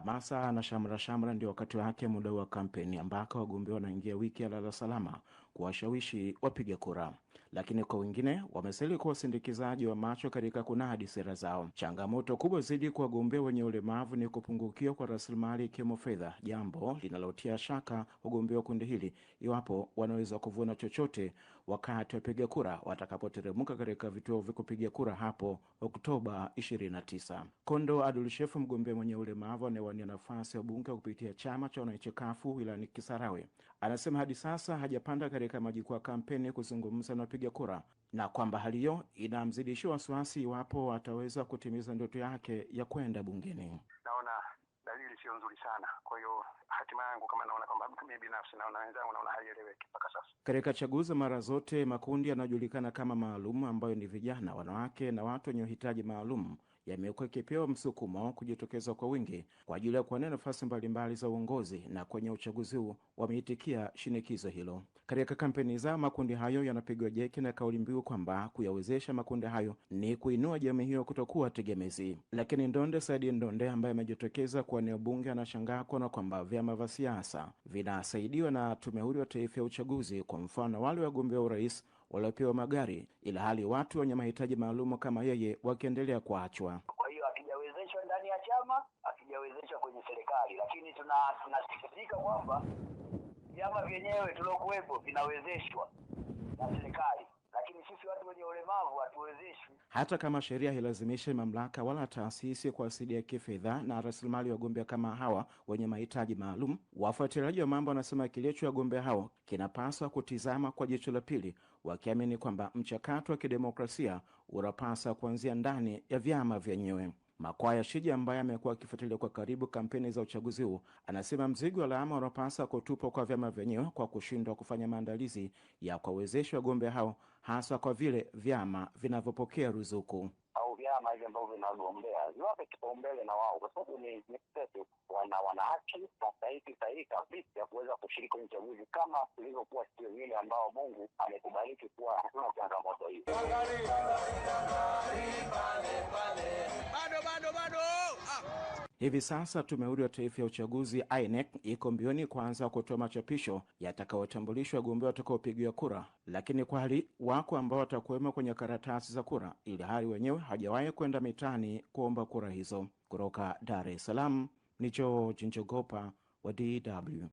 hamasa na shamra shamra ndio wakati wake muda wa kampeni ambako wagombea wanaingia wiki ya lala salama kuwashawishi wapiga kura, lakini kwa wengine wamesalia kwa wasindikizaji wa macho katika kunadi sera zao. Changamoto kubwa zaidi kwa wagombea wenye ulemavu ni kupungukiwa kwa rasilimali ikiwemo fedha, jambo linalotia shaka wagombea wa kundi hili iwapo wanaweza kuvuna chochote wakati wapiga kura watakapoteremka katika vituo vya kupiga kura hapo Oktoba 29. Kondo Adulshefu, mgombea mwenye ulemavu anayewania nafasi ya bunge kupitia chama cha wananchi CUF wilayani Kisarawe, anasema hadi sasa hajapanda katika majukwaa kampeni kuzungumza na wapiga kura, na kwamba hali hiyo inamzidishia wasiwasi iwapo ataweza kutimiza ndoto yake ya kwenda bungeni sio nzuri sana. Kwa hiyo hatima yangu kama naona kwamba mimi binafsi naona wenzangu naona haieleweki mpaka sasa. Katika chaguzi mara zote makundi yanayojulikana kama maalum, ambayo ni vijana, wanawake na watu wenye uhitaji maalum, yamekuwa ikipewa msukumo kujitokeza kwa wingi kwa ajili ya kuwania nafasi mbalimbali za uongozi, na kwenye uchaguzi huu wameitikia shinikizo hilo. Katika kampeni zao, makundi hayo yanapigwa jeki na kauli mbiu kwamba kuyawezesha makundi hayo ni kuinua jamii hiyo kutokuwa tegemezi. Lakini Ndonde Saidi Ndonde ambaye amejitokeza kuwania mbunge anashangaa kuona kwamba vyama vya siasa vinasaidiwa na Tume Huru ya Taifa ya Uchaguzi, kwa mfano wale wagombea urais waliopewa magari, ila hali watu wenye mahitaji maalumu kama yeye wakiendelea kuachwa. Kwa hiyo akijawezeshwa ndani ya chama, akijawezeshwa kwenye serikali, lakini tunasikitika kwamba vyama vyenyewe tuliokuwepo vinawezeshwa na serikali lakini sisi watu wenye ulemavu hatuwezeshwi. Hata kama sheria hailazimishe mamlaka wala taasisi kuwasaidia kifedha na rasilimali wagombea kama hawa wenye mahitaji maalum, wafuatiliaji wa mambo wanasema kilicho wagombea hao kinapaswa kutizama kwa jicho la pili, wakiamini kwamba mchakato wa kidemokrasia unapaswa kuanzia ndani ya vyama vyenyewe. Makwaya Shija ambaye amekuwa akifuatilia kwa karibu kampeni za uchaguzi huu anasema mzigo wa lawama unapasa kutupwa kwa vyama vyenyewe kwa kushindwa kufanya maandalizi ya kuwawezesha wagombea hao, hasa kwa vile vyama vinavyopokea ruzuku au vyama hivi ambavyo vinagombea viwape kipaumbele na wao, kwa sababu ni wana wana haki na sahihi sahihi kabisa ya kuweza kushiriki kwenye uchaguzi kama ilivyokuwa siku zile ambao Mungu amekubariki kuwa hatuna changamoto hii Hivi sasa Tume Huru ya Taifa ya Uchaguzi INEC iko mbioni kuanza kutoa machapisho yatakaotambulishwa wagombea watakaopigiwa kura, lakini kwa hali wako ambao watakuwemo kwenye karatasi za kura, ili hali wenyewe hajawahi kwenda mitaani kuomba kura hizo. Kutoka Dar es Salaam ni George Njogopa wa DW.